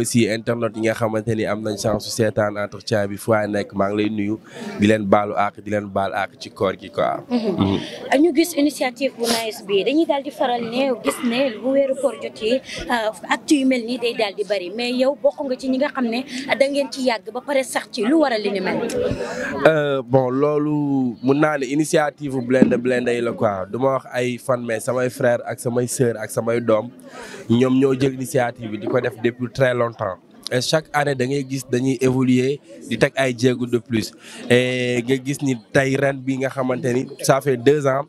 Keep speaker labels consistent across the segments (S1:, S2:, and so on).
S1: aussi internet yi nga xamante ni am nañ chance su seetaan entretien bi fu nekk maa ngi lay nuyu di leen baalu àq di leen baal àq ci koor gi quoi. Mhm.
S2: ñu gis initiative bu nice bi dañuy daal di faral ne gis ne bu weeru koor jotee euh, actes mel nii day daal di bari mais yow bokk nga ci ñi nga xam ne da ngeen ci yàgg ba pare sax ci lu waral li ni mel.
S1: Euh, loolu mun naa ne initiative Blindé Blindé yi la quoi du ma wax ay fan mais samay frère ak samay sœur ak samay doom longtemps et chaque année da ngay gis dañuy évoluer di teg ay jéego de plus et nga gis ni tey ren bi nga xamante ni ça fait deux ans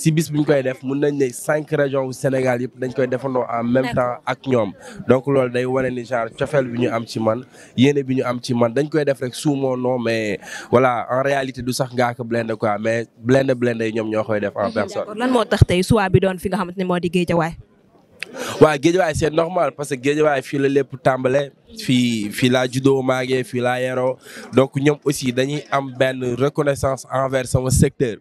S1: si bis bu ñu koy def mun nañ ne cinq région wu Sénégal yëpp dañ koy defandoo en même temps ak ñoom donc loolu day wane ni genre cofeel bi ñu am ci man yéene bi ñu am ci man dañ koy def rek suumoo mon nom mais voilà en réalité du sax Ngaaka Blindé quoi mais Blindé Blindé yi ñoom ñoo koy def en personne.
S2: lan moo tax tey suwa bi doon fi nga xamante ne
S1: waaw géejawaay c'est normal parce que géej géejawaay fii la lépp tàmbale fii fii laa juddoo maagee fii laa yaroo donc ñoom aussi dañuy am benn reconnaissance envers sama secteur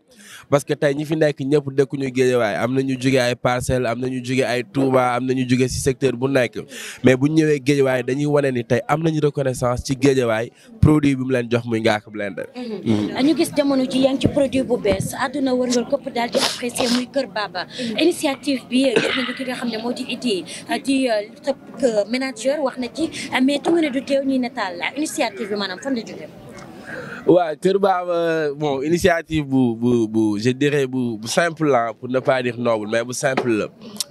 S1: parce que tey ñi fi nekk ñëpp dëkkuñu Guédiawaye am na ñu jóge ay Parcelles am na ñu jóge ay Touba am na ñu jóge ci secteur bu nekk mais bu ñu ñëwee Guédiawaye dañuy wane ni tey am nañu reconnaissance ci Guédiawaye produit bi mu leen jox muy Ngaaka Blindé.
S2: Mhm. ñu gis jamono ji yaa ci produit bu bees àdduna wërngal képp daal di apprécier muy Kër Baba. initiative xam ne moo di idée Ah, mais tungu ne du teew ñuy nataal la initiative bi maanaam fan la jógee.
S1: waaw Kër Baaba bon initiative bu bu bu je bu bu simple la pour ne pas dire noble mais bu simple la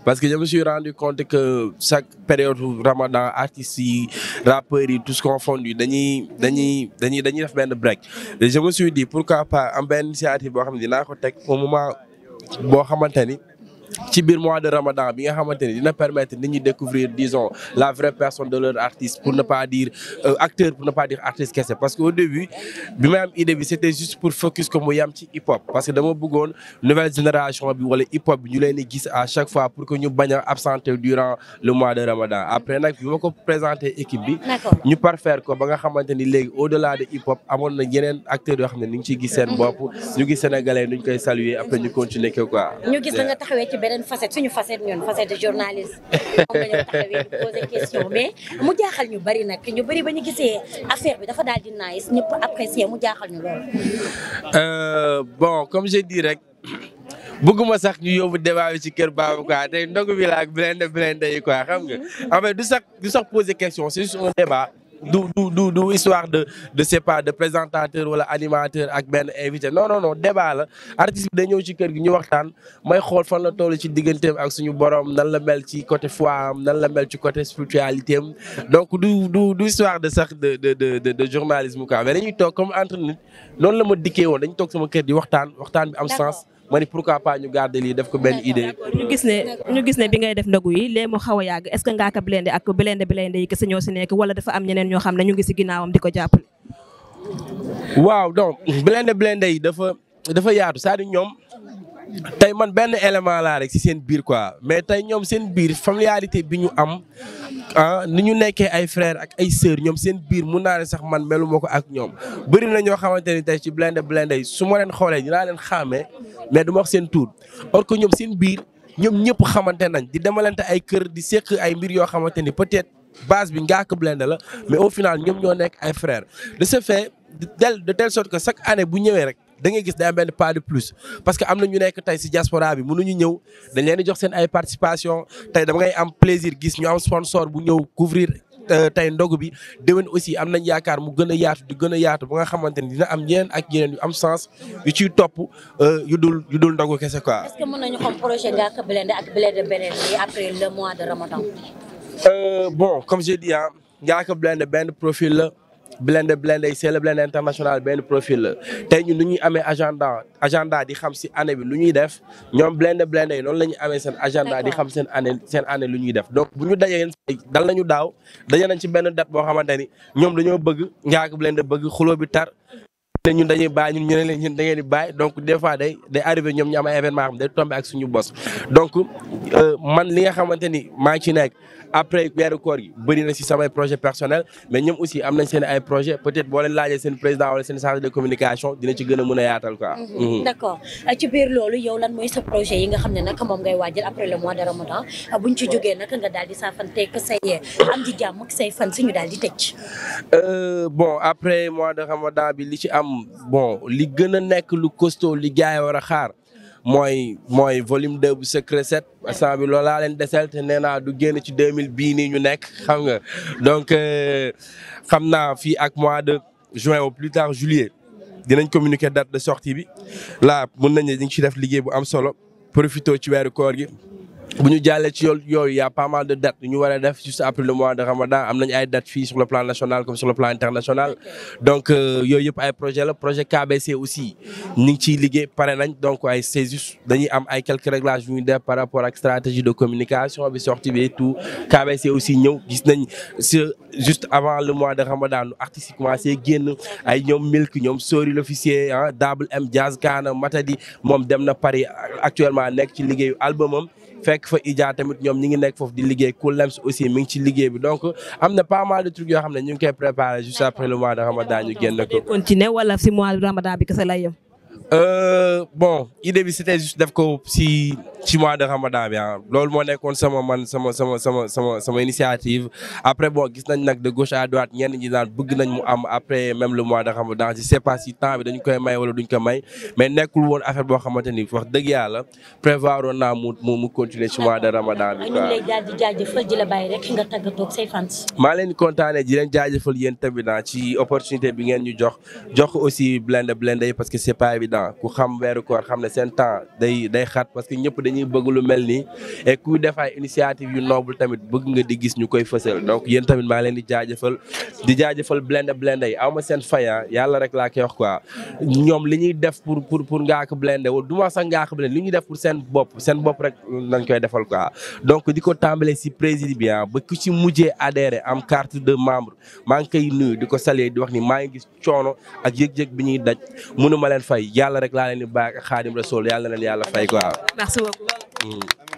S1: parce que je me suis rendu compte que chaque période Ramadan artistes yi rappeurs yi tous confondus dañuy dañuy dañuy dañuy def benn break et je me suis dit pourquoi pas am benn initiative boo xam ne dinaa ko teg au moment boo xamante ni. ci biir mois de ramadan bi nga xamante ni dina permettre nit ñi découvrir disons la vraie personne de leur artiste pour ne pas dire euh, acteur pour ne pas dire artiste kese parce que au début bi may am idée c'était juste pour focus ko mu yam ci hip hop parce que dama bëggoon nouvelle génération bi wala hip hop bi ñu leen gis à chaque fois pour que ñu bañ a absenté durant le mois de ramadan après nag bi ma ko présenté équipe bi ñu parfaire ko ba nga xamante ni léegi au delà de hip amoon na yeneen acteurs yoo xam ne ni ngi ciy gis seen bopp ñu gis sénégalais nuñ koy saluer après ñu continuer ko quoi
S2: beneen facette suñu facette ñun facette de journaliste.
S1: moom question
S2: mais mu jaaxal ñu bari nag ñu bari ba ñu gisee affaire bi dafa daal di nice ñëpp apprécier mu jaaxal ñu lool.
S1: Euh, bon comme je dis rek. bëgguma sax ñu yóbbu débat bi ci kër baabu quoi tey ndogu bi la ak blende blende yi quoi xam mhm. du sax du sax poser question si juste un du du du histoire de de de présentateur wala animateur ak benn invité no non non débat la artiste bi day ñëw ci kër gi ñu waxtaan may xool fan la toll ci digganteem ak suñu borom nan la mel ci côté foi nan la mel ci côté spiritualité am donc du du histoire de sax de de de de journalisme quoi mais dañuy toog comme entre nit noonu la ma dikkee woon dañu toog sama kër di waxtaan waxtaan bi am sens. ma ni pourquoi pas ñu garder lii def ko benn idée.
S2: ñu gis ne ñu gis ne bi a yàgg ñeneen ñoo xam ne ñu ngi si ginnaawam di ko jàppale.
S1: waaw donc Blindé Blindé yi dafa dafa yaatu cest à ñoom tey man benn élément laa rek si seen biir quoi mais tey ñoom seen biir familiarité bi ñu am ah ni ñu nekkee ay frères ak ay sœurs ñoom seen biir mun naa ne sax man melu ko ak ñoom. bëri na ñoo xamante ni tey ci Blindé Blindé yi su ma leen xoolee ñu naa leen xàmmee mais du ma seen tuur or que ñoom seen biir ñoom ñëpp xamante nañ di demalante ay kër di seq ay mbir yoo xamante ni peut-être. base bi Ngaaka Blindé la mais au final ñoom ñoo nekk ay frères de ce fait de telle de telle chaque année bu ñëwee rek dangay gis day am benn pas de plus parce que am na ñu nekk tey si diaspora bi mun ñu ñëw dañ leen di jox seen ay participation tey dama ngay am plaisir gis ñu am sponsor bu ñëw couvrir euh, tey ndogu bi déwén aussi am nañ yaakaar mu gën a yaatu di gën a yaatu ba nga xamante ni dina am yeneen ak yeneen yu am sens yu ciy topp euh, yu dul dul ndogu kese quoi.
S2: que mën nañu mois de
S1: Euh, bon comme je dis ah Ngaaka Blindé benn profile la Blindé Blindé c'est le Blindé international benn profil la tey ñun nu ñuy amee agenda agenda di xam si année bi lu ñuy def ñoom Blindé Blindé yi noonu la ñuy amee seen agenda di xam seen année seen année lu ñuy def donc bu ñu dajee dal nañu daaw daje nañ ci benn date boo xamante ni ñoom dañoo bëgg Ngaaka Blindé bëgg xuloo bi tar ne ñun dañuy bàyyi ñun ñu ne donc des day day ñoom ñu am ay événement ak suñu bos donc euh, man li nga xamante ni maa ngi ci nekk après weeru koor gi na si samay projet personnel mais ñoom aussi am nañ seen ay projet peut-être boo leen laajee seen président wala seen chargé de communication dina ci gën a mën a yaatal quoi mhm. Mhm. Euh,
S2: ne nag moom ngay euh, am di jàmm ak say fan si ñu di tëj
S1: bon après mois de ramadan bi li ci am am bon li gën a nekk lu costaud li gars war a xaar mooy mooy volume 2 bu secret 7 instant bi loolu laa leen desel te nee naa du génn ci 2000 bii nii ñu nekk xam nga donc euh, xam naa fii ak mois de juin au plus tard juillet dinañ communiquer date de sortie bi laa mun nañ ne ñu ngi ci def liggéey bu am solo profito ci weeru koor gi. bu ñu jàllee ci yoon yooyu y' a pas mal de dates ñu war def juste après le mois de Ramadan am nañu ay dates fii sur le plan national comme sur le plan international donc euh, yooyu yëpp ay projet la projet KBC aussi ñu ngi ciy liggéey pare nañ donc ay c'est juste dañuy am ay quelques réglages yu ñu par rapport ak stratégie de communication bi sortie bi tout KBC aussi ñëw gis nañ ce juste avant le mois de Ramadan nu artistes yi commencé génn ay ñoom Milk ñoom Sori l'officier ah Double M Jazz Kana moom dem na Paris actuellement nekk ci liggéeyu album am nekk fa Idja tamit ñoom ñi nekk foofu di liggéey ku lems aussi mi ci liggéey bi donc am pas mal de trucs yoo xam ne ñu préparé juste après le mois de ramadan ñu génn
S2: ko. wala si mois de ramadan bi kese lay
S1: euh, bon idée bi c'était juste def ko si. ci mois de ramadan bi ah loolu moo nekkoon sama man sama sama sama initiative après bon gis nañ nag de gauche à droite ñenn ñi daan bëgg nañ mu am après même le mois de ramadan je sais pas si temps bi koy may wala duñ ko may mais nekkul woon affaire boo xamante ni wax dëgg yàlla prévoir woon naa mu mu mu continuer ci mois de ramadan bi quoi. maa leen di kontaanee di leen jaajëfal yéen tamit ah, ci opportunité bi ngeen ñu jox jox ko aussi blende blende yi parce que c'est pas évident ku xam weeru koor xam ne ñi bëgg lu mel nii et kuy def ay yu noble tamit bëgg nga di gis ñu koy fësal donc yéen tamit maa leen di jaajëfal di jaajëfal Blindé Blindé yi aw ma seen fayan ah. yàlla rek laa koy wax quoi ñoom li ñuy def pour pour pour Ngaaka Blindé wala du ma sax Ngaaka Blindé li ñuy def seen bopp seen bopp rek nañ koy defal quoi donc di ko tàmbalee si président ah, ba ku ci mujjee adhéré am carte de membre maa ngi koy nuyu di ko saluer di wax ni maa ngi gis coono ak yëg-yëg bi ñuy daj mënu leen fay yàlla rek laa leen di baax ak Xaadim Rasul yàlla leen yàlla fay quoi
S2: Mm.